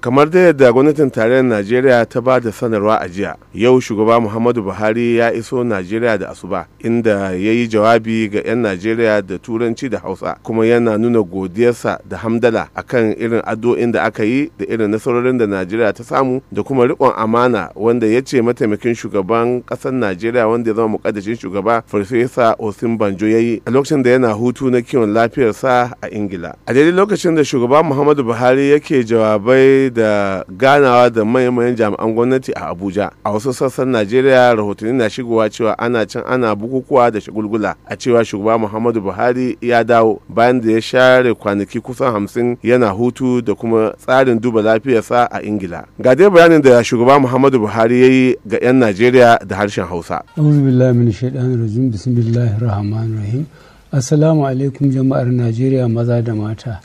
kamar da yadda gwamnatin tarayyar najeriya ta ba da sanarwa a jiya yau shugaba muhammadu buhari ya iso najeriya da asuba inda ya yi jawabi ga 'yan najeriya da turanci da hausa kuma yana nuna godiyarsa da hamdala akan irin addu'o'in da aka yi da irin nasarorin da najeriya ta samu da kuma riƙon amana wanda ya ce mataimakin shugaban ƙasar najeriya wanda ya zama muƙaddashin shugaba farfesa osin banjo ya yi a lokacin da yana hutu na kiwon lafiyarsa a ingila a daidai lokacin da shugaba muhammadu buhari yake jawabai da ganawa da manyan jami'an gwamnati a abuja a wasu sassan najeriya rahotanni na shigowa cewa ana can ana bukukuwa da shagulgula a cewa shugaba muhammadu buhari ya dawo bayan da ya share kwanaki kusan hamsin yana hutu da kuma tsarin duba lafiyarsa a ingila ga dai bayanin da shugaba muhammadu buhari ya yi ga 'yan najeriya da harshen hausa assalamu alaikum jama'ar najeriya maza da mata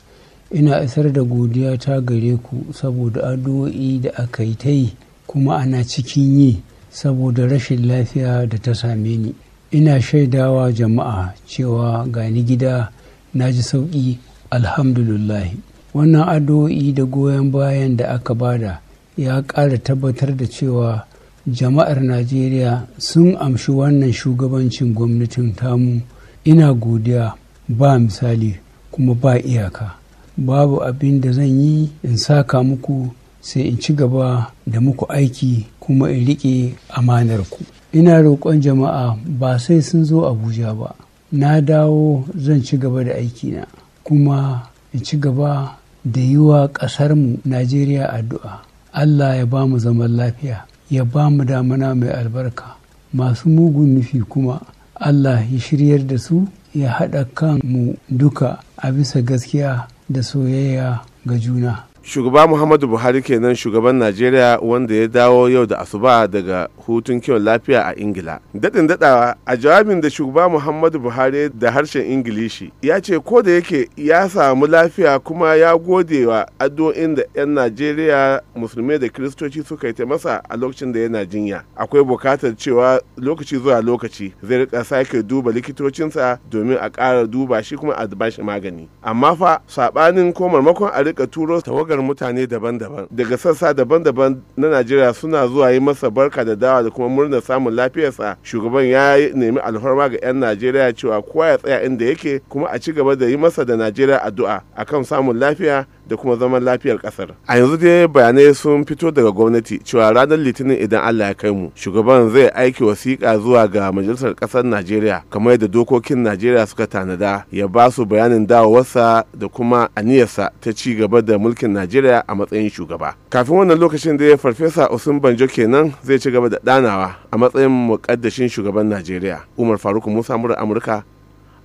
ina isar da godiya ta gare ku saboda addu'o'i da aka yi ta yi kuma ana cikin yi saboda rashin lafiya da ta same ni ina shaidawa jama'a cewa gani gida na ji sauƙi alhamdulillah wannan addu'o'i da goyon bayan da aka bada ya ƙara tabbatar da cewa jama'ar najeriya sun amshi wannan shugabancin gwamnatin tamu ina godiya ba misali kuma ba iyaka babu abin da zan yi in saka muku sai in ci gaba da muku aiki kuma in riƙe amanar ku. ina roƙon jama'a ba sai sun zo abuja ba na dawo zan ci gaba da aikina kuma in ci gaba da yi wa ƙasarmu najeriya addu'a allah ya ba mu zaman lafiya ya ba mu damana mai albarka masu mugun nufi kuma allah ya shiryar da su ya haɗa kan mu duka a bisa gaskiya da soyayya ga juna shugaba muhammadu buhari kenan shugaban najeriya wanda ya dawo yau da asuba daga hutun kiwon lafiya a ingila daɗin daɗawa a jawabin da shugaba muhammadu buhari da harshen ingilishi ya ce ko da yake ya samu lafiya kuma ya gode wa addu'o'in da 'yan najeriya musulmai da kiristoci suka yi ta masa a lokacin da yana jinya akwai bukatar cewa lokaci zuwa lokaci zai rika sake duba likitocinsa domin a kara duba shi kuma a bashi magani amma fa saɓanin ko marmakon a rika turo tawagar mutane daban-daban daga sassa daban-daban na najeriya suna zuwa yi masa barka da dawa shakatawa da kuma murnar samun lafiyarsa shugaban ya nemi alfarma ga 'yan najeriya cewa kowa ya tsaya inda yake kuma a ci gaba da yi masa da najeriya addu'a akan samun lafiya da kuma zaman lafiyar kasar a yanzu dai bayanai sun fito daga gwamnati cewa ranar litinin idan allah ya kai mu shugaban zai aiki wasiƙa zuwa ga majalisar ƙasar najeriya kamar yadda dokokin najeriya suka tanada ya ba su bayanin dawowarsa da kuma aniyarsa ta ci gaba da mulkin najeriya a matsayin shugaba kafin wannan lokacin da farfesa usman banjo kenan zai ci gaba da danawa a matsayin muƙaddashin shugaban najeriya umar faruk musa mura amurka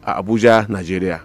a abuja najeriya